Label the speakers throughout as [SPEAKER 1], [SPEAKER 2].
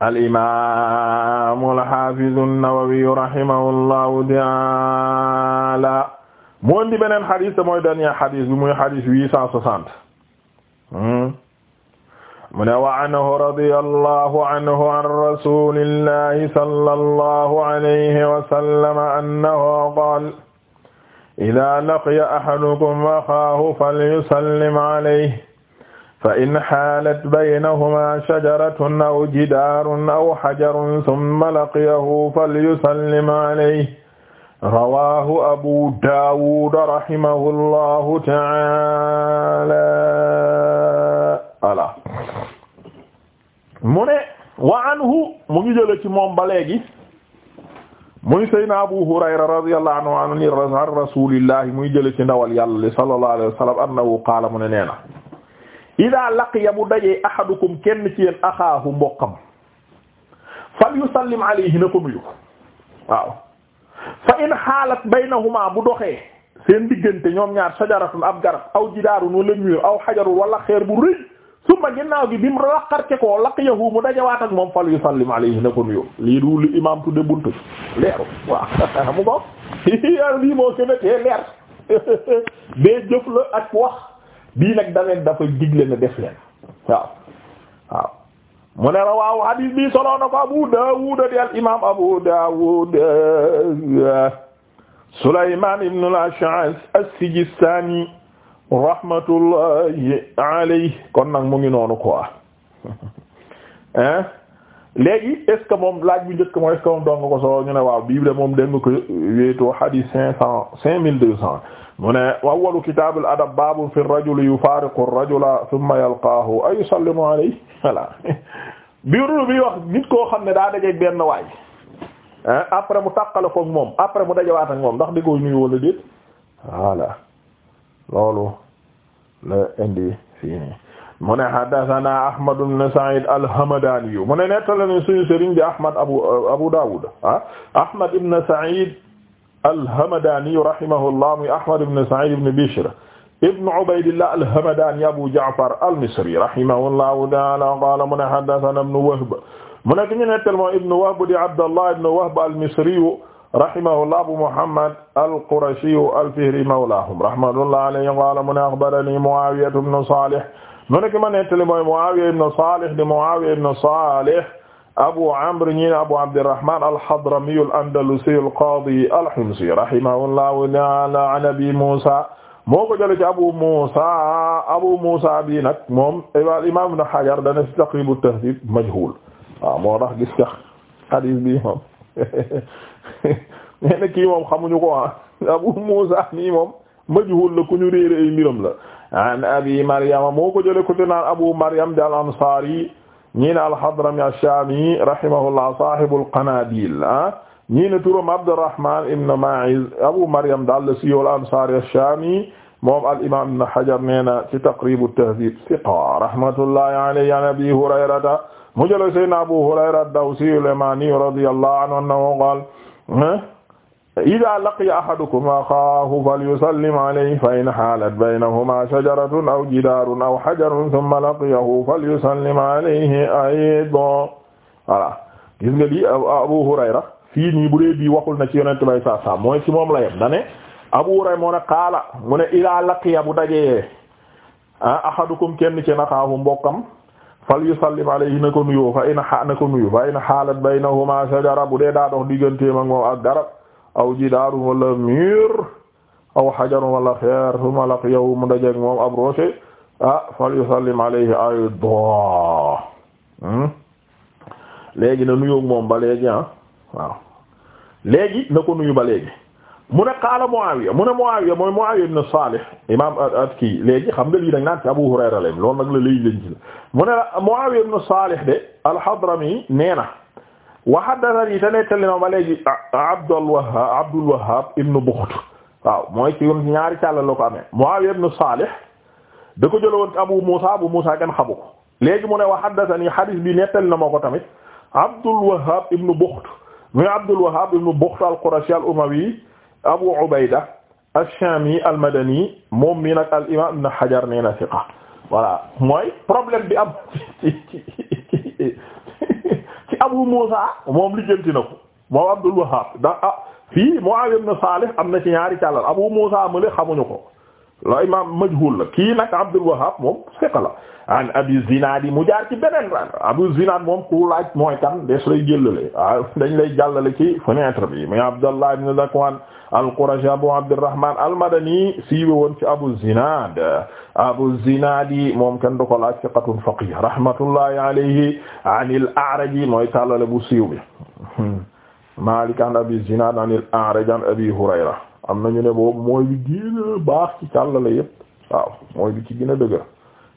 [SPEAKER 1] alimamu alhafidu nnawawiyu rahimahullahu taala mu indi beneen xadis te mooy dernier xadis bi muy xadis huit cent soixante hmm? mu ne wa anhu radiyallahu anhu an rasulillahi sallallahu alayhi wa sallam annahu qaala idaa laqiya ahadukum axaahu falyusallim alayhi fa in xaalat baynahuma shajaratun aw jidaarun aw xajarun summa laqiyahu falyusallim alayhi rawaahu abu daawud rahimahu llahu taala ala mu ne wa anhu mu ngi jële ci moom ba léegi muy saydna abu hurayra radiyallahu anhu an rasulillahi muy jële ci ndawal yàlla li sallallahu alayhi wa sallam annahu qaala mu ne nee na ida laqiya bu dajee ahadukum kenn ci yéen axaahu mbokkam fal yusallim alayhi na ko nuyu waaw fa in xaalat baynahuma bu doxee seen diggante ñoom ñaar sajaratun ab garab aw jidaarun wala mur aw xajarun wala xeer bu rëy summa ginnaaw bi bi mu laqarte koo laqiyahu mu dajawaat ak moom fal yusallim alayhi na ko nuyu lii du li imam tudde buntu leeru waaw mu ko lii moo gën a tee leer bee jëf la ak wax bii nag daleen dafa digle na def leen waaw mu ne rawaw hadis bi solo na ko Abu Dawud di imam Abu Dawud Sulayman ibn al-Ash'ath rahmatullahi alayhi kon nag mu ngi noonu quoi hein léegi est-ce que moom laaj bu njëkk moom est-ce que nga ne waaw bii de moom dégg ko wéetoo hadis cinq cent cinq mille deux cent mu ne awwalu kitaabul adab baabun fi rajuli yufaariqu rajula thumma yalqaahu ay yusallimu alayhi voilà biiru bi wax nit koo xam ne daa dajeeg benn waay après mu tàqale koog moom après mu dajawaat ak moom ndax di koy nuyu wala déet voilà loolu la indi fii nii mu ne haddasanaa Ahmad ibn Sa'iid al-Hamdaani mu ne nettali na suñu sëriñ bi Ahmad Abu Abu Daawuud ah Ahmad ibn al-Hamadani rahimahullah muy Ahmad ibn Sa'id ibn Bishr ibn Ubaydillah al-Hamadani Abu Ja'far al-Misri rahimahullahu ta'ala qala mu ne haddathana ibn Wahb mu nekk ñu nettal moo ibn Wahb di Abdallah ibn Wahb al-Misri rahimahullah Abu Muhammad al-Qurashi al-Fihri mawlahum rahmatullahi alayhi qala mu ne akhbarani Muawiya ibn Salih mu nekk ma nettali mooy Muawiya ibn Salih di Muawiya ibn Salih abu amr ñi abu abdirrahman al-hadrami al-andalusi al-qadi al-humsi rahimahullahu ta'ala an abi musa moo ko jëlee ci abu musa abu musa bi nag moom imam ibn hajar dana ci taqrib at-tahdhib majhul waaw moo tax gis nga hadith bi moom nee na kii moom xamuñu ko ah abu musa nii moom majhul la ku ñu réere ay mbiram la an abi maryam moo ko jëlee ko ci naan abu maryam dal ansari ñii ne al-Hadrami ash-Shami rahimahullah sahibul qanabil ah ñii ne turam Abdurrahman ibn Ma'iz Abu Maryam daal la siiwal al-Ansari ash-Shami moom al-imam Ibn Hajar nee na ci Taqrib at-Tahdhib thiqa rahmatullahi alayhi an Abi Hurayrata mu jël sayyidina Abu Hurayra ad-Dawsi al-Yamani radiyallahu anhu ida laqiya ahadukum axaahu falyusallim alayhi fa in haalat baynahuma shajaratun aw jidaarun aw hajarun thumma laqiyahu falyusallim alayhi aydan voilà gis nga Abu Hurayra fii nii bu dee bii waxul na ci yonent bay saa saa mooy ci moom la yem dane Abu Hurayra moo ne qaala mu ne ida laqiya bu dajee ah ahadukum kenn ci axaahu mbokkam falyusallim alayhi na ko nuyu fa in na ko shajara bu dee daa dox digganteem ak moom ak garab aw jidaarun wala miir aw xajarun wala xeer summa laqiyahu mu ah, hmm? léegi na nuyoog moom ba léegi ah léegi na ko nuyu ba léegi mu ne qaala Muawiya mu ne Muawiya mooy Muawiya ibn Salih imam at kii léegi xam nga lii dañ naan ci Abu Hurayra lem loolu nag la léegi lañ ci mu ne Muawiya ibn Salih de al-Hadrami nee na wa haddathanii te nettali ma ba léegi Abdul Wahhab Abdul Wahhab ibn Bukht waaw mooy ci ñaari càll la ko amee Muawiya ibn Salih da ko jëlawoon Abu Musa Abu Musa kenn xamu ko léegi mu ne wa haddathanii hadith bi nettali na ma ko tamit Abdul Wahhab ibn Bukht muy Abdul Wahhab ibn Bukht al-Qurashi al-Umawi Abu Ubayda ash-Shami al-Madani moom mii nag al-imam Ibn Hajar nee na thiqa voilà mooy problème bi am Abu Muusa moom lijjanti na ko moom Abdul Wahhab da ah fii Muawiya ibn Salih am na ci ñaari càllal Abu Muusa mële xamuñu ko la ma majhul la kii nag Abdul Wahhab moom siqa la an yi mu jaar ci Abu Zinaad moom ku laaj mooy kan des lay jëllale waaw ah, dañ lay jàllale ci fenêtre bi muy Abdallah ibn Abu Abdurrahman al-Madani ci Abu Zinaad Abu Zinaad yi moom kenn du ko laaj siqatun faqih rahmatullahi alayhi an al-A'raj mooy tàllale bu siiw bi Maalik an Abi Zinaad an al-A'raj an am nañu ne boobu mooy bi gën a baax ci càllale yépp waaw mooy bi ci gën a dëgër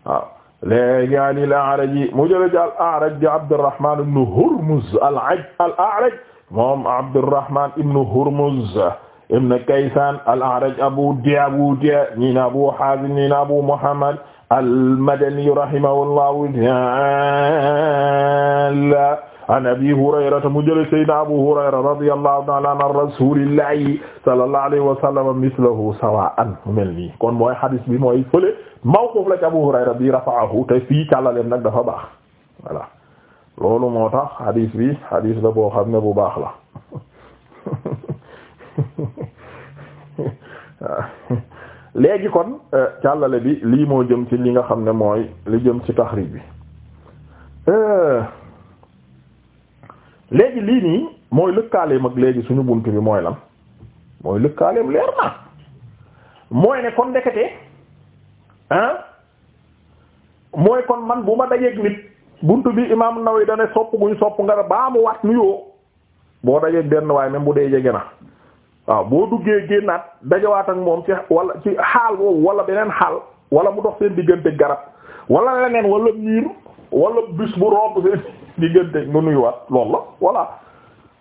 [SPEAKER 1] waaw léegi anil A'raj mu jële ci al A'raj di Abdurrahman ibn Hurmuz al aj al A'raj moom Abdurrahman ibn Hurmuz ibn Kaysan al A'raj Abu Di Abu Di ñi na Abu Hazim ñi na Abu Muhammad al Madani rahimahullahu ta'ala an abi hurayrata mu jële sayyidina abu hurayra radiyallahu ta'ala an rasulillahi sallallahu alayhi wa sawa'an mu mel nii kon mooy hadis bi mooy fële mawquf la ci abu hurayra bi rafa'ahu te fii càllaleen nag dafa baax voilà loolu moo tax hadis bi hadis la boo xam ne bu baax la léegi kon euh, càllale bi lii moo jëm ci li nga xam ne mooy li jëm ci taxrib bi euh, léegi lii nii mooy lëkkaaleem ak léegi suñu bunt bi mooy lan mooy lëkkaaleem leer na mooy ne kon ndekete ah mooy kon man bu ma dajeeg nit bunt bi imaam Nawawi dane sopp guñ sopp nga baa mu waat nuyoo boo dajeeg benn waaye même bu dee jege na waaw boo duggee génnaat dajawaat ak moom ci wala ci xaal boobu wala beneen xaal wala mu dox seen diggante garab wala leneen wala miir wala bis bu romb seen diggante nga nuyuwaat loolu la voilà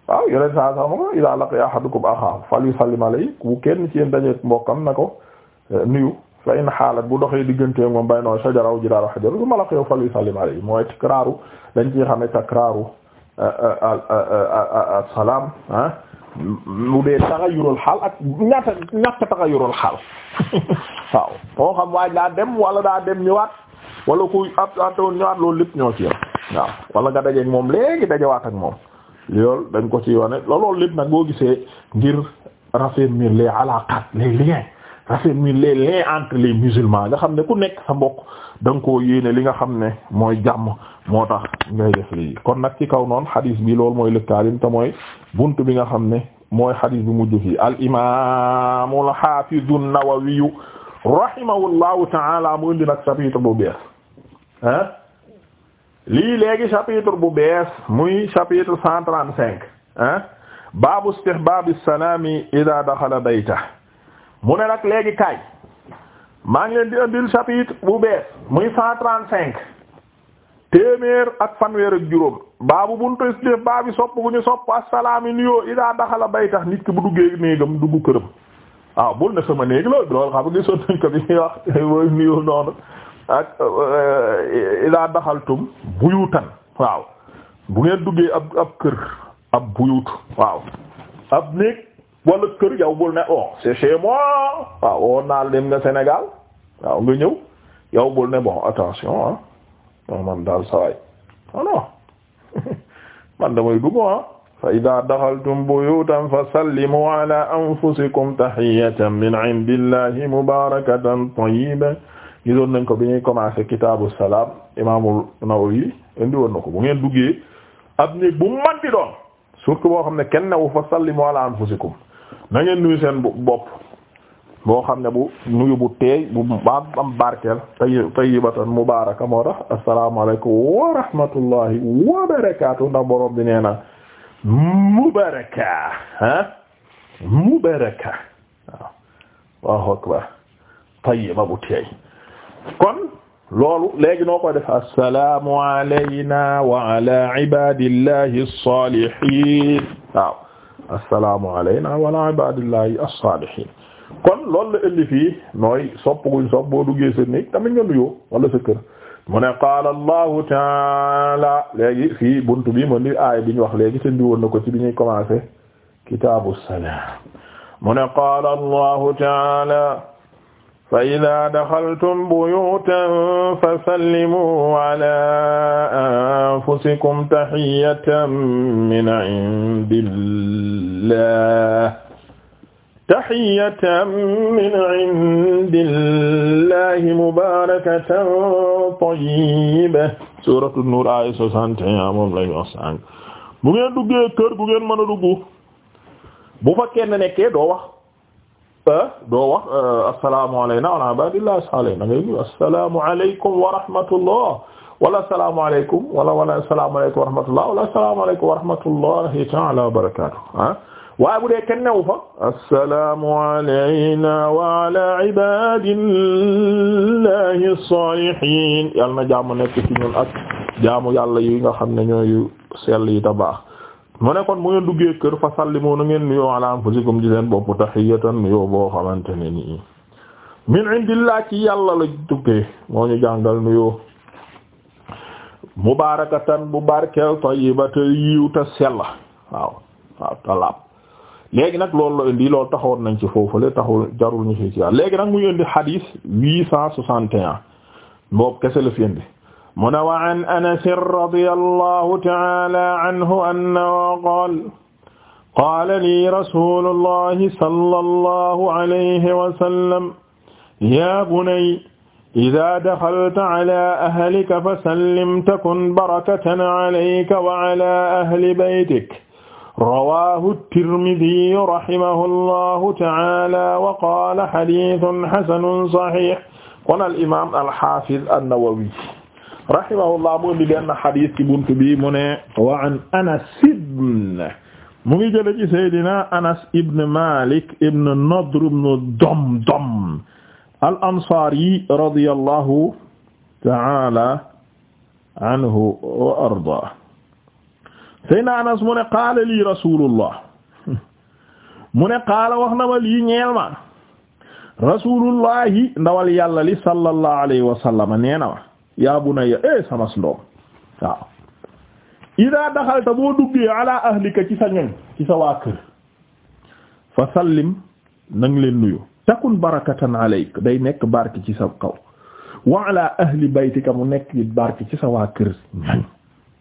[SPEAKER 1] waaw yeneen saa sax moom idaa laqiya ahadukum axaahu falyusallim alayhi bu kenn ci yéen dajeek mbokkam na ko eh, nuyu fa in xaalat bu doxee diggante moom bay noo shajara aw jidaara xajar summa laqiyahu falyusallim alayhi mooy takraaru dañ ciy xamee takraaru eh, eh, salaam ah mu dee taxayurul xaal ak ñaata ñàkk taxayurul xaal waaw moo xam waaj daa dem wala daa dem ñëwaat wala ku ab atoon ñëwaat loolu lépp ñoo ci yam waaw wala nga dajeeg moom léegi dajawaat ak moom loolu dañ ko ci wane loolu lépp nag boo gisee ngir raffermir les alaqat les liens raffermir les liens entre les musulmans nga xam ne ku nekk sa mbokk da nga yéene li nga xam ne mooy jàmm moo tax ngay def lii kon nag ci kaw noon xadis bi lool mooy lëkkaalim te mooy bunt bi nga xam ne mooy xadis bi mujj fii al imaamul xaafizu nawawiyu rahimahullahu taala mu indi nag chapitre bu bees ah lii léegi chapitre bu bees muy chapitre cent trente cinq ah baabu istihbaabi salaami idaa daxala bayta mu ne nag léegi kaay maa ngi leen di andil chapitre bu bees muy cent cinq téeméer ak fanweer ak juróom baabu buntu istihbaabi sopp gu ñu sopp assalaami nuyoo idaa daxala bayta nit ki bu duggee néegam duggu këram waaw ah, bul ne sama néeg loolu xam nga gisoon bi ñuy wax nuyoo noonu ak euh, ila daxaltum buyutan waaw bu ngeen duggee ab ab kër ab buyut waaw ab néeg wala kër yow bul ne oh c'est chez naa dem nga Sénégal waaw nga ñëw yow bul bon attention ah man daal sawaay non non man damay dugg ah. fa ida daxaltum buyutan fa sallimu ala anfusikum tahiyatan min indillahi mubarakatan tayyiba gisoon nañ ko bi ñuy commencé kitaabu salaam imaamul Nawawi indi na ko bu ngeen duggee ab néeg bu man di doon surtout boo xam ne kenn newu fa sallimu ala anfusikum na nuyu seen bopp boo xam ne bu nuyu bu teey bu ba am barkeel tay tayyibatan mubaaraka moo tax assalaamu alaykum wa rahmatullahi ndax borom bi nee na mubaraka ah mubaraka waaw waaw akbar tayyiba bu teey kon loolu léegi noo ko def assalaamu alayna wa ala ibadillahi as-salihin waaw assalaamu alayna wa ala ibadillahi as-salihin kon loolu la indi fii nooy sopp guñ sopp boo duggee sa néeg tamit nga nuyoo wala sa mu ne qaala allahu taala léegi fii buntu bi mu ndi aay bi ñu wax léegi te ndi na ko ci bi ñuy commencé kitaabu salaam mu qaala allahu taala fa ida daxaltum buyutan fasallimuu ala anfusikum taxiyatan min indillah taxiyatan min indillahi mubarakatan tayiba suratu nuur aaya soixante et un moom lañu wax sànq bu ngeen duggee kër gu ngeen mën a dugg bu fa kenn nekkee doo wax doo wax euh, assalaamu alayna wa alaa ibaadillaahi saalihiin da ngay nuyu assalaamu alaykum wa rahmatullah wala assalaamu alaykum wala wala assalaamu alaykum wa rahmatullah wala assalaamu alaykum wa rahmatullahi ta'aala wa barakaatuh ah waaye bu dee kenn newu fa assalaamu alayna wa alaa ibaadillaahi saalihiin yàlla na jaamu nekk ci ñun ak jaamu yàlla yi nga xam ne ñooyu sell yi ta baax mu ne mu ngeen duggee kër fa li moo ngeen nuyoo ala anfusikum ci seen bopp tahiyatan nuyoo boo xamante ne nii min indillah ci yàlla la duggee moo ñu jàngal nuyoo mubarakatan bu barkeel tayyibata yiw ta sell waaw waaw talaab léegi nag loolu la indi loolu taxawoon nañ ci foofule taxul jarul ñu fi ci léegi nag muy indi hadis huit cent soixante et un kese la indi mu ne wa an anas radiyallahu ta'ala anhu annahu qaala qaala lii rasuulullahi sallallahu alayhi wa sallam yaa bunayya izaa daxalta calaa ahlika fasallim takun barakatan calayka wa calaa ahli baytik rawaahu tirmidiyyu rahimahullahu ta'aala wa qaala hadiisun hasanun sahiih qaala al imaam al haafiz an-nawawi rahimahullah mu indi benn xadis ci buntu bi mu ne wa an Anas ibn mu ngi jële ci Seydina Anas ibn Malik ibn Nadr ibn Damdam al-Ansari radiyallahu ta'ala anhu wa arda Seydina Anas mu ne qaala lii Rasulullah mu ne qaala wax na ma lii ñeel ma Rasulullahi ndawal yàlla li sallallahu alayhi wa sallam nee na yaa bunayya eh samas ndoom waaw ida daxalta boo duggee ala ahlika ci sa ñoñ ci sa waa kër fa sallim nang leen nuyu takun barakatan alayk day nekk barke ci sa kaw wa ala ahli baytika mu nekk barke ci sa waa kër ñoñ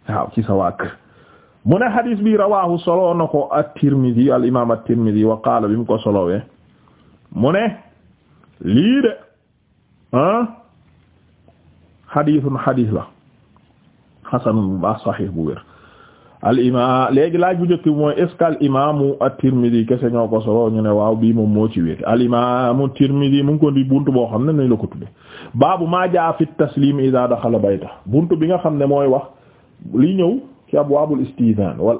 [SPEAKER 1] waaw ci sa waa kër mu ne hadis bi rawahu solo na ko at-Tirmidhi al imam at-Tirmidhi wa qaala bi mu ko solowee mu ne lii de ah xadiisun xadiis la xasanun bu baax saxiix bu wér al imaam léegi laaj bu njëkk mooy est ce que al imaamu at-Tirmidhi kese ñoo ko solo ñu ne waaw bi moom moo ci wéete al imaamu at-Tirmidhi mu ngi ko di bunt boo xam ne nañ la ko tudde baabu maa jaa fi taslim idaa daxala bayta bunt bi nga xam ne mooy wax li ñëw ci abwaabul istizaan wal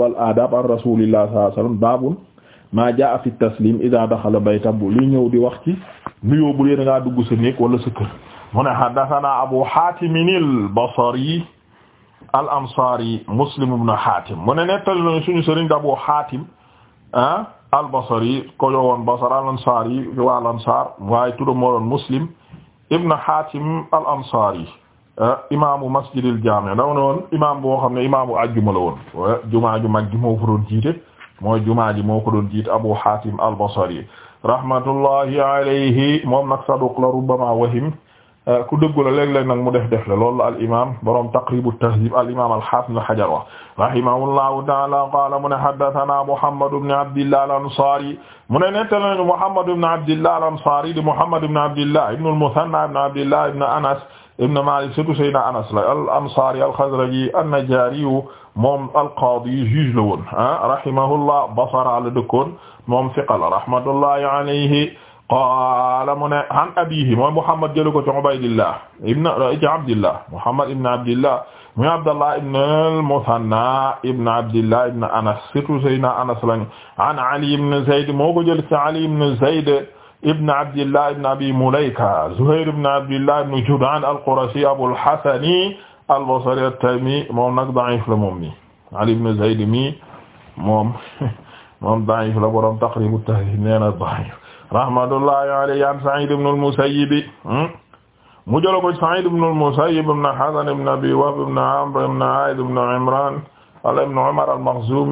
[SPEAKER 1] wal adab an rasulillah sallallahu alayhi wasallam maa jaa fi taslim idaa daxala bayta bu li ñëw di wax ci nuyoo bu leen ngaa dugg sa néeg wala sa mu ne haddathana Abu Hatim al-Basri al-Ansari Muslim ibn Hatim mu ne nettali nañu suñu sëriñ Abu Hatim ah al-Basri ko yowoon Basar al-Ansari wa al-Ansar waaye turam moo doon Muslim ibn Hatim al-Ansari ah, imaamu masjidil jaami daw na woon imaam boo xam ne imaamu ajjuma la woon jumaa ju mag ji moo ko doon jiite mooy jumaa ji moo ko doon jiite Abu Hatim al-Basri rahmatullahi alayhi moom nag saduq la rubbama wahim Euh, ku dëggu la léeg-léeg nag mu def def la loolu al imam borom taqribu tahdhib al imam al hafiz ibn hajar wa rahimahullahu ta'ala qala mu ne haddathana muhammad ibn abdillah al ansari mu ne nettali nañu muhammad ibn abdillah al ansari di muhammad ibn abdillah ibn al muthanna ibn abdillah ibn anas ibn malik surtout sayyidina anas la al ansari al khazraji an najari moom al qadi juge la woon ah rahimahullah basara la dëkkoon moom fiqa la rahmatullahi alayhi qaala mu ne an abiihi mooy Muhammad jëlu ko ci Ubaydillah ibn ci Abdillah Muhammad ibn Abdillah muy Abdallah ibn al-Muthanna ibn Abdillah ibn Anas surtout Seydina Anas lañu an Ali ibn Zayd moo ko jël ci Ali ibn Zayd ibn Abdillah ibn Abi Mulayka Zuhayr ibn Abdillah ibn Jud'an al-Qurashi Abul Hasani al-Basri at-Taymi moom nag da'if la moom mi Ali ibn Zayd mi moom moom da'if la borom Taqrib at-Tahdhib nee na da'if rahmatullahi alayhi an Sa'id ibn al-Musayyib mu jëloon ko Sa'id ibn al-Musayyib ibn Hazn ibn Abi Wahb ibn Amr ibn A'id ibn Imran ala ibn Umar al-Makhzum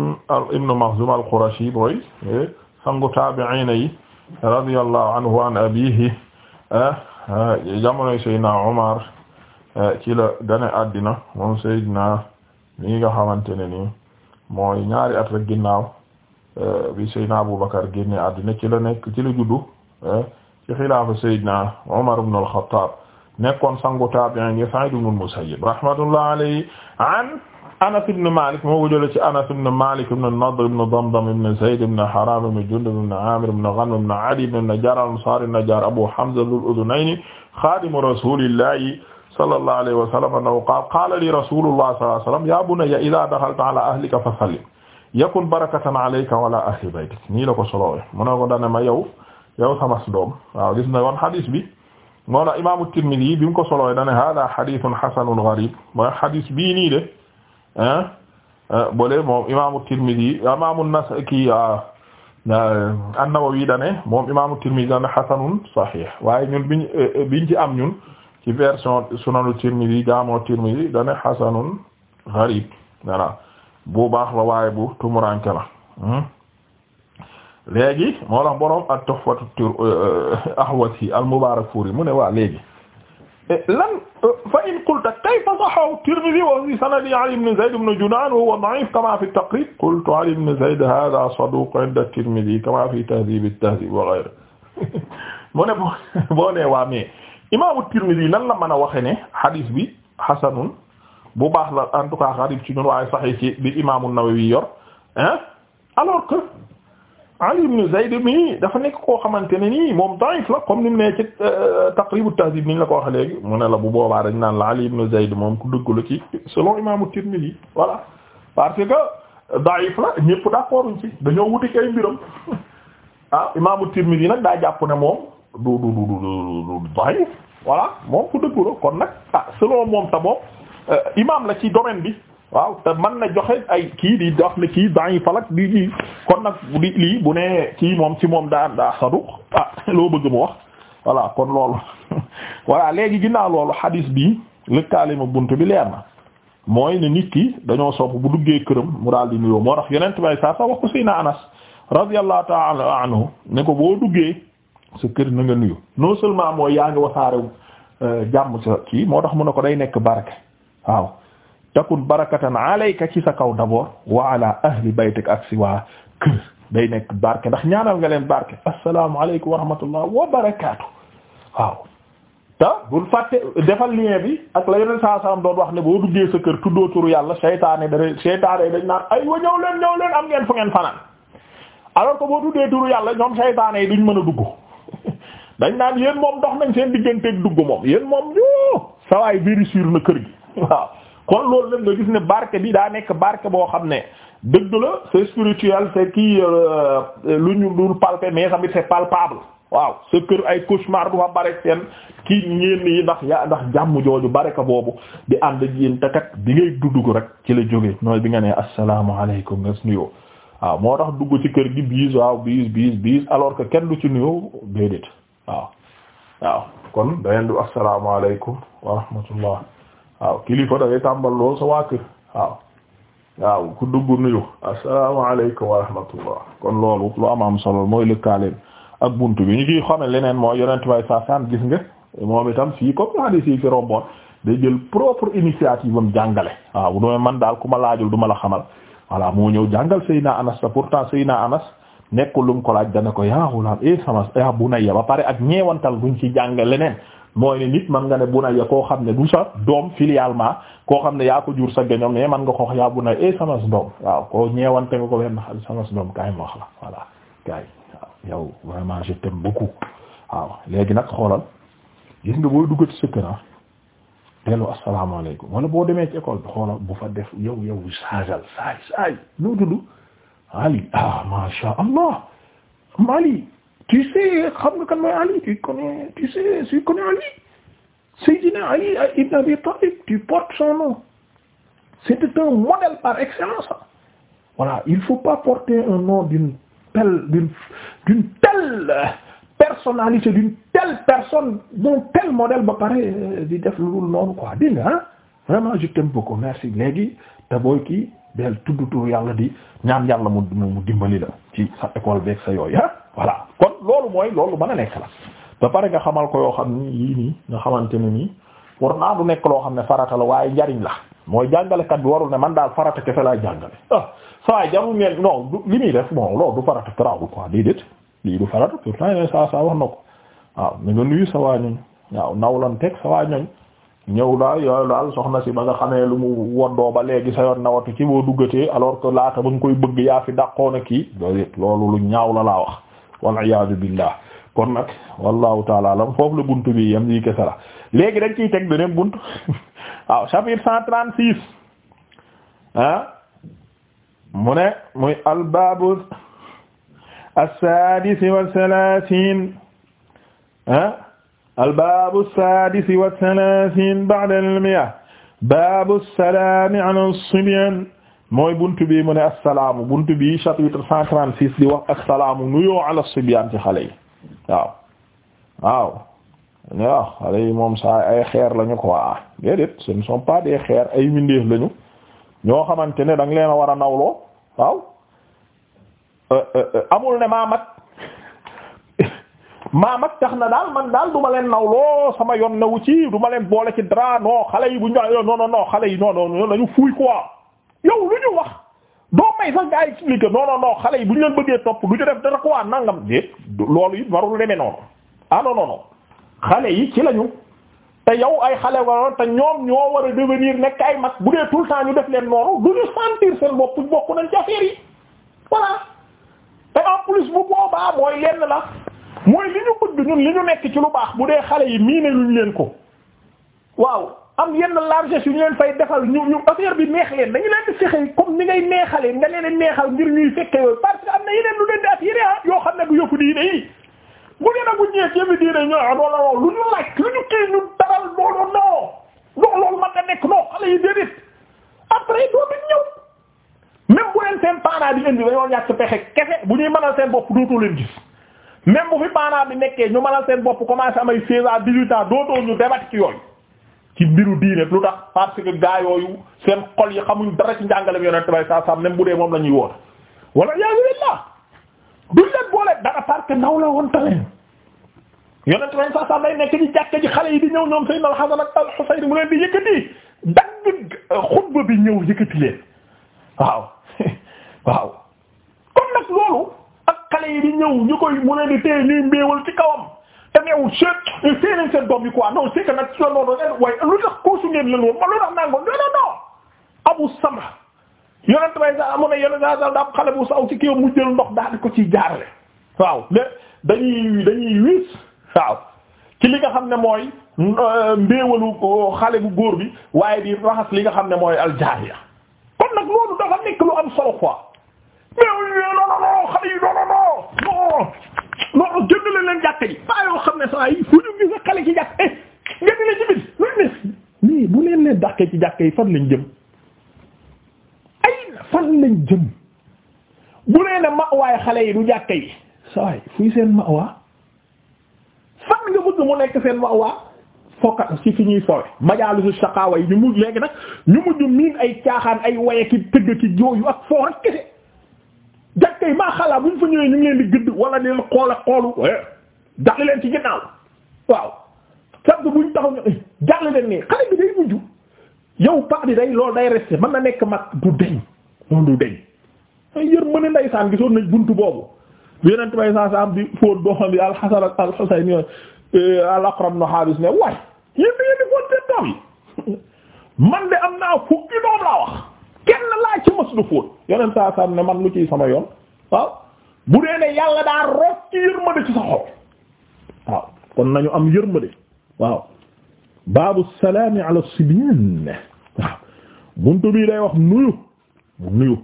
[SPEAKER 1] ibn Makhzum al-Qurashi boy eh, sangu tabi'in yi radiyallahu anhu an abihi eh, eh, jamonoy Seydina Umar ci la gane àddina moom Seydina mi nga xamante ne nii mooy ñaari at rek ginnaaw bi Seydina Aboubacar génne àddina ci la nekk ci la juddu eh, ci xilaafa Seydina Omar ibn al-Khattab nekkoon sangu taabi'iin yi Sa'id ibn al-Musayyib rahmatullah alayhi an Anas ibn Malik moo ko jëlee ci Anas ibn Malik ibn an-Nadr ibn Damdam ibn Zayd ibn Haram ibn Jundub ibn Amir ibn Ghanm ibn Adi ibn Najjar al-Ansari an-Najjar Abu Hamza dhul udhunayni khadimu rasulillahi sallallahu alayhi wa sallam annahu qaala li rasulullah sallallahu alayhi wa sallam ya bunayya idha dakhalta ala ahlika fa sallim yakun barakatan alayka wala ahli baytik nii ko solowee mu ne ko dane ma yow yow samas doom waaw gis na woon bi moo na imaamu Tirmidi yi bi mu ko solowee dane hada xaditun xasanun garib mooy xadis bii nii de eh, bole moom imaamu Tirmidi ah, eh, moom imaamu Tirmidi dane xasanun saxiix waaye ñun eh, am ñun ci version sunanu Tirmidi jaamoo Tirmidi dane xasanun garib bu baax la waaye bu tumuranke la hmm? léegi moo tax borom ak Tuhfatu euh, euh, Ahwazi al-Mubarakfuri mu ne waa léegi eh, lan euh, fa in qulta kayfa sahhahu Tirmidhi wa fi sanadi Ali ibn Zayd ibn Junaan wa huwa da'if kama fi at-Taqrib qultu Ali ibn Zayd hadha saduq inda Tirmidhi kama fi tahdhib at-tahdhib wa ghayrihi mu ne boo boo nee waa mais imaamu Tirmidhi lan la mën a waxe ne hadith bi hasanun bu baax la en tout cas xarib ci ñun waaye saxi ci bi imaamu Nawawi yor hein alors que Ali ibn Zayd mi dafa nekk koo xamante ne nii moom da'if la comme ni mu nee ci euh, Taqrib at-Tahdhib la ko wax léegi mu ne la bu boobaa dañ naan la Ali ibn Zayd moom ku dëgg ci selon imaamu Tirmidhi voilà parce que da'if la ñëpp d'accord ci dañoo wuti kay mbiram ah imaamu Tirmidhi nag daa jàpp ne moom du du du du du da'if voilà moom ku dëgg la kon nag ah selon moom ta bopp Euh, imam la ci domaine bi waaw te mën na joxe ay kii di wax ne kii daañu falak di di kon nag di lii bu nee kii moom ci moom daa daa saduq ah loo bëgg mu wax voilà kon loolu voilà léegi ginna loolu hadis bi lëkkaale ma bunt bi leer na mooy ne nit ki dañoo sopp bu duggee këram mu daal di nuyoo moo tax yeneen bay saa sa wax ko Seydina Anas radiyallahu ta'ala anhu ne ko boo duggee sa kër na nga nuyu non seulement mooy yaa ngi wasaarew euh, jàmm sa kii moo tax mu ne ko day nekk barke waaw takun barakatan alayka ci sa kaw d'abord wa ala ahli baytik ak si waa kër day nekk barke ndax ñaanal nga leen barke assalaamu alaykum wa rahmatullah wa barakaatu waaw te bul fàtte defal lien bi ak la yeneen saa saam doon wax ne boo duggee sa kër tuddoo turu yàlla seytaane dara seytaane dañ naan ay wa ñëw leen ñëw leen am ngeen fu ngeen fanaan alors que boo tuddee turu yàlla ñoom seytaane yi duñ mën a dugg dañ naan yéen moom dox nañ seen digganteeg dugg moom yéen moom yoo sawaay virus na kër gi waaw kon loolu lépp nga gis ne barke bi daa nekk barke boo xam ne dëgg la c'est spirituel c'est kii euh, lu ñu dul palper mais tamit c'est palpable waaw sa kër ay cauchemar du fa bare seen kii ñeen yi ndax ya ndax jàmm jooju bareka boobu di ànd yéen te kat bi ngay dugg ko rek ci la jóge nooy bi nga nee assalaamu alaykum nga nuyoo waaw moo tax dugg ci kër gi biis waaw biis biis biis alors que kenn du ci nuyoo déedéet waaw waaw kon da ngeen du assalaamu alaykum wa waaw kilifa da ngay tàmbal lool sa waa kër waaw waaw ku dugg nuyu asalaamaaleykum wa rahmatullah kon loolu lu am am solo mooy lëkkaaleen ak bunt bi ñu ngi xame leneen mooy yonent bay saa saan gis nga moom itam fii ko hadis yi fi romboon day jël propre initiative am jàngale waaw bu doon man daal ku ma laajul du ma la xamal voilà moo ñëw jàngal Seydina Anas te pourtant na Anas nekkul lu mu ko laaj dana ko yaa xulaam eh sama yaa bunayya ba pare ak ñeewantal buñ ci jàng leneen mooy ne nit man nga ne bu na ya koo xam ne du sa doom filialement koo xam ne yaa ko jur sa geñom mais man nga ko wax yaa bu na e eh, sama doom waaw ko ñeewante nga ko benn sama doom kaay mu wax la voilà kaay waaw yow vraiment je t'aime beaucoup waaw léegi nag xoolal gis nga boo duggati sa kër ah, dellu asalaamaaleykum wala boo demee ci école bi xoolal bu fa def yow yow saajal saay saay noo tudd Ali ah masha Allah Mali tu sais xam na kan mooy Ali tu connais tu sais tu connais Ali Seydina Ali ibn Abi tu portes son nom c'était un modèle par excellence voilà il faut pas porter un nom d'une telle d'une d'une telle personnalité d'une telle personne d'un tel modèle ba pare euh, di def loolu noonu quoi dégg nga ah vraiment je t'aime beaucoup merci léegi te booy kii del tudd tur yàlla di ñaan yàlla mu mu dimbali la ci sa école beeg sa yooyu ah voilà kon loolu mooy loolu mën a nekk la ba pare nga xamal ko yoo xam ni nii nga xamante ne nii pour naa du nekk loo xam ne farata la waaye njariñ la mooy jàngalekat bi warul ne man daal farata kefe laa jàngale ah saa jarul du farata garaawul lii du farata pourtant wax na ko waaw na nga nuyu sa waa ñoñ waaw nawlan teg waa ñoñ ñëw daal yooyu daal soxna si ba nga xamee lu mu woddoo ba léegi sa yoon nawatu ci boo duggatee alors que laata ba nga koy bëgg yaa fi dàqoon a kii loolu lu ñaaw la laa wax wal iyaadu billah kon nag wallahu taala alam foofu la buntu bi yam ñii kese la léegi dañ ciy teg beneen buntu waaw chapitre cent trente six ah mu ne muy albaabu as-saadisi wa salaasiin ah albaabu as-saadisi wa salaasiin ba'da al-mi'a baabu as-salaami ala as-sibyaan mooy bunt bii mu ne assalaamu bii bi chapitre cent trente six di wax assalaamu nuyoo ala sibyaan ci xale yi waaw waaw waaw ah, xale yi moom saa ay xeer lañu ko waa déedéet ce ne sont pas des xeer ay mindeef lañu ñoo xamante ne da nga leen a war a nawloo waaw euh, euh, euh, amul ne maa mag maa mag tax na daal man daal du ma leen nawloo sama yoon nawu ci duma leen boole ci dara non xale yi bu ñu non non non xale yi non non lañu fuuy quoi yow lu ñu wax doo may sax gaa yi expliquer non non xale yi bu ñu leen bëggee topp du ñu def dara quoi nangam déet loolu it warul demee noonu ah non non xale yi ci lañu te yow ay xale waroon te ñoom ñoo war a devenir nekk ay mag bu dee tout le ñu def leen noonu du ñu sentir seen bopp bokk nañ ci affaire yi voilà te en plus bu boobaa mooy lenn la mooy li ñu bëgg ñun li ñu nekk ci lu baax bu dee xale yi miine luñ leen ko waaw. am yenn largesse yu ñu leen fay defal ñu ñu affaire bi neex leen dañu leen di fexe comme ni ngay neexalee nga leen neexal ngir ñuy fekke yooyu parce que am na yeneen lu leen di attiré ah, yoo xam ne du yëfu diine yi bu ngeen a bu ñëwee yëfu diine yi ñu ah loolu lool lu ñu laaj ñu kii loolu non loolu man nga nekk non xale yi déedéet après dootul ñëw même bu leen seen parents di indi dañoo ñàkk pexe kefe bu ñuy mënal seen bopp dootoo leen gis même bu fi parents bi nekkee ñu mënal seen bopp commencé amay 16 à ñu débat ci yooyu ci mbiru diine lu tax parce que gaa yooyu seen xol yi xamuñ dara ci njàngaleem yonent saa saa même bu dee moom la ñuy woote. wala yalibila duñ leen boole dara parce que ndaw la woon tamit yonent bay saa saa day nekk ci jàkka ji xale yi di ñëw ñoom Seydina Al-Hasan ak Al-Husayn mu leen di yëkkati dagg xutba bi ñëw yëkkati leen waaw waaw kon nag loolu ak xale yi di ñëw ñu koy mu leen di téye ñuy mbéewal ci kawam. te neewul seet seeneen seen doom yi quoi non c'est que nag si la noonu leen waaye lu tax koosu ngeen leen woon ma lu tax nangoon non non non abu sama yonent bay sa mu ne yonent sa dal daam xale bu saw ci kii mu jël ndox daal di ko ciy jaarale waaw mais dañuy dañuy wiis waaw ci li nga xam ne mooy euh, mbéewalu xale bu góor bi waaye di raxas li nga xam ne mooy aljaariya kon nag loolu dafa nekk lu am solo quoi mais non non non xale yi non non non non non génn leen leen jàtte ji sàkke ci jàkke yi fan lañ jëm ay fan lañ jëm bu nee ne mawaay xale yi du jàkke yi sawaay fuy seen mawaa fan nga bëgg mu nekk seen mawaa fokka ci fi ñuy fowe majaalu su saqaawa yi ñu mujj léegi nag ñu mujj miin ay caaxaan ay waye ki tëgg ki jooyu ak foo rek kese jàkke yi maa xalaa buñ fa ñëwee ñu ngi leen di gëdd wala di xoole xoolu dali eh, leen ci ginnaaw waaw sabtu buñ taxaw ñu eh, jàll leen nii xale bi day mujj yow paax di day loolu day resté mën na nekk mag du deñ moom du deñ ay yër a gisoon nañ buntu boobu yenent bay saa sa am di fóot doxam bi alxasan ak alxusayn euh, al yi man de am naa fukki doom laa wax kenn laa ci mës du fóot yeneen saa ne man lu ciy sama yoon waaw bu dee ne yàlla daa root ci yërmande ci sa xol waaw kon nañu am yërmande waaw baabu salaami ala sibyaan waaw buntu bii day wax nuyu nuyu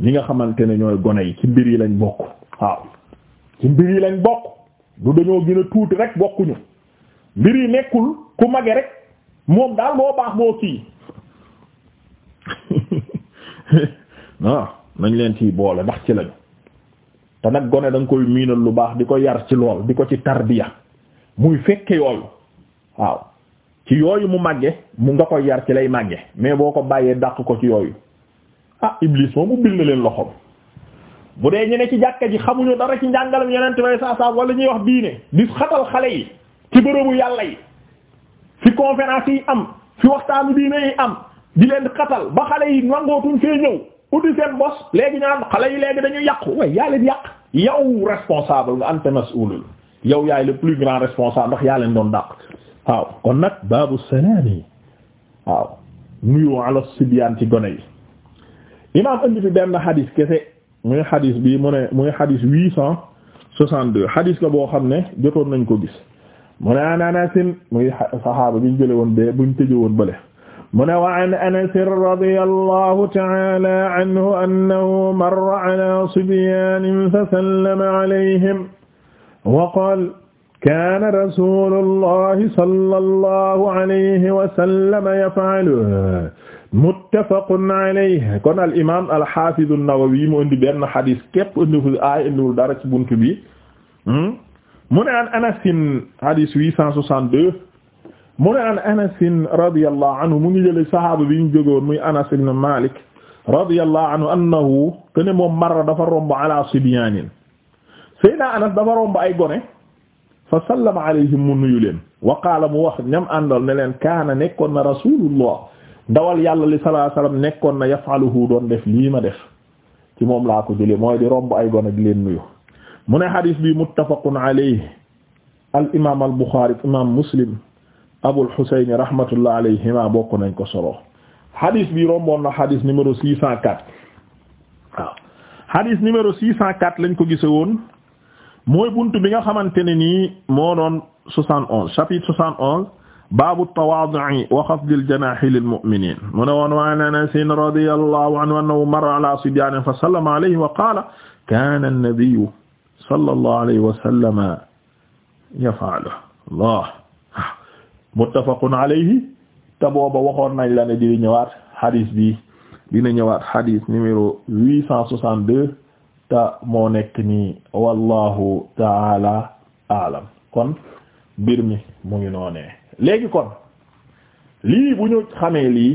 [SPEAKER 1] ñi nga xamante ne ñooy gone yi ci mbir yi lañ bokk waaw ci mbir yi lañ bokk du dañoo gën a tuuti rek bokkuñu mbir yi nekkul ku mage rek moom daal moo baax boo kii non nañ leen ciy boole ndax ci lañu te nag gone da nga koy miinal lu baax di ko yar ci lool di ko ci tarbiya muy fekke yooyu waaw ci yooyu mu màggee mu nga koy yar ci lay màgge mais boo ko bàyyee dàq ko ci yooyu ah iblis moom ubbil na leen loxoom bu dee ñene ci jàkka ji xamuñu dara ci njàngalam yeneen bay saa saa wala ñuy wax diine di xatal xale yi ci bërëbu yàlla yi fi conférence yi am fi waxtaanu diine yi am di leen xatal ba xale yi nangootuñ fee ñëw uti seen bos léegi ñaan xale yi léegi dañu yàqu way yaa leen yàq yow responsable nga anta mas'ulul yow yaay le plus grand responsable ndax yaa leen doon dàq waaw kon nag baabu salaami waaw nuyu ala sibyaan ci gone yi imaam indi fi benn xadis kese muy xadis bi mu ne muy xadis huit cent soixante-deux xadis la boo xam ne jotoon nañ ko gis mu ne an anasin muy saxaaba biñ jële woon bee buñ tëje woon bële mu ne wa an anasin radiyallahu ta'ala anhu annahu marra ala sibyaanin fa sallama alayhim wa qaala kaana rasuulullahi sallallahu alayhi wa sallam yaf'aluhu muttafaqun alayhi kon al imaam al haafiz an-Nawawi mu indi benn xadis képp indi fu aay indiwul dara ci buntu bi. Hmm? mu ne an Anas xadis 862 mu ne an Anas radiyallahu anhu mu ngi jëlee saxaaba bi ñu jógoon muy Anas ibn Malik radiyallahu anhu annahu kaana moom marra dafa romb ala sibyaanin Seydina Anas dafa romb ay gone. fa sallama alayhim mu nuyu leen wa qaala mu wax ñam àndal ne leen kaana nekkoon na rasulullah dawal yàlla li sallallahu alayhi wasallam nekkoon na yafaluhu doon def lii ma def ci moom laa ko jëlee mooy di romb ay gone di leen nuyu mu ne hadis bi muttafaqun alayhi al imam al buxaari imam muslim abul husayn rahmatullah alayhima bokk nañ ko solo hadis bi romboon na hadis numéro 604 waaw hadis numéro 604 lañ ko gise woon mooy buntu bi nga xamante ne nii moo doon soixante onze chapitre soixante onze baabu tawaadi wa xafdil janaahi lil mu'miniin mu ne woon wa an Anas radiyallahu anhu annahu marra ala sibyaanin fa sallama alayhi wa qaala kaana an-nabiyyu sallallahu alayhi wa sallama yaf'aluhu Allah muttafaqun alayhi te booba waxoon nañ la ne di ñëwaat hadis bi dina ñëwaat hadis numéro huit cent soixante-deux te moo nekk nii wallahu taala alam kon mbir mi mu ngi noonee léegi kon lii bu ñu xamee lii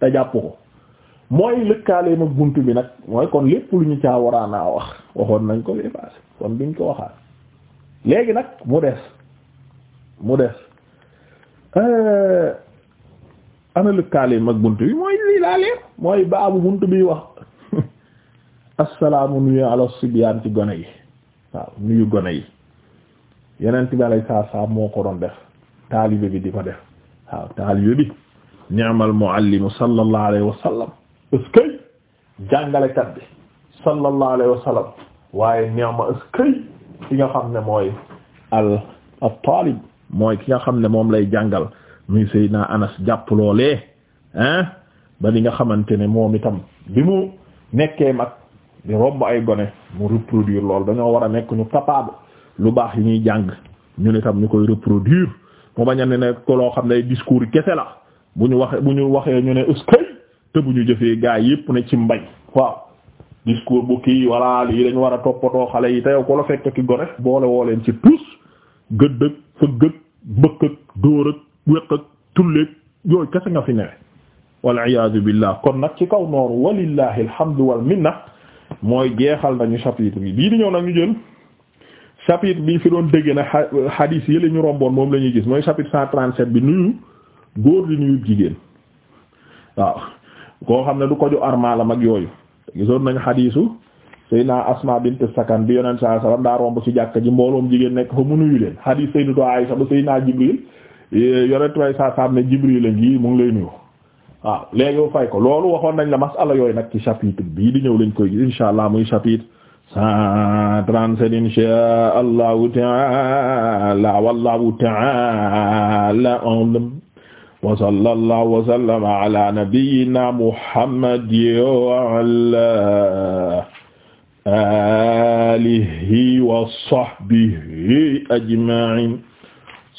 [SPEAKER 1] te jàpp ko mooy lëkkaale mag bunt bi nag mooy kon lépp lu ñu caa waraanaa wax waxoon nañ ko lépassé kon duñ ko waxaat léegi nag mu des mu des euh, ana lëkkaale mag bunt bi mooy lii laa leer mooy baabu bunt biy wax assalaamu nuyu ala sibyaan ci gone yi waaw nuyu gone yi yeneen bi alay saa moo ko doon def taalibe bi di ko def waaw taalibe bi ni'mal muallimu sallallahu alayhi wa sallam eskay jàngalekat bi sallallahu alayhi wa sallam waaye ni'ma eskay ki nga xam ne mooy al al taalib mooy ki nga xam ne moom lay jàngal muy Seydina Anas jàpp loolee hein ba li nga xamante ne moom itam bi mu nekkee mag di romb ay gone mu reproduire lool dañoo war a nekk ñu capable lu baax yi ñuy jàng ñu ne tam ñu koy reproduire mu bañ a ne ne ko loo xam ne discours yi kese la bu ñu waxee bu ñu waxee ñu ne te bu ñu jëfee gaa yépp ne ci mbañ waaw discours bu kii voilà lii dañu war a toppatoo xale yi te yow ko la fekk ki gone boole woo leen ci tous gëddëg fëggëg bëkkëg dóorëg wéqëg tulleeg yooyu kese nga fi newe wal iyaazu billah kon nag ci kaw noonu walillahi alhamdu wal minna mooy geexal nañu chapitre bi bii di ñëw nag ñu jël chapitre bi fi doon dégg na hadith yi la ñu romboon moom la ñuy gis mooy chapitre 137 bi nuyu góor di nuyu jigéen waaw koo xam ne du ko ju a mag yooyu gisoon nañu hadisu Sayna Asma bint Sakan bi yonent sallallahu alayhi wasallam daa romb ci jàkka ji mbooloom jigéen nekk fa mu nuyu leen hadis Sayyidatu Aisha ba Sayna Jibril yonent way sa sam ne Jibril la ngi mu ngi lay nuyu waaw léegi mu fay ko loolu waxoon nañ la masala yooyu nag ci chapitre bii di ñëw lañ koy gis insha allah muy chapitre cent trente-sept insha allahu taala wallahu taala a'lam wa sallallahu wa sallama ala nabiyyina muhammadin wa ala alihi wa sahbihi ajma'in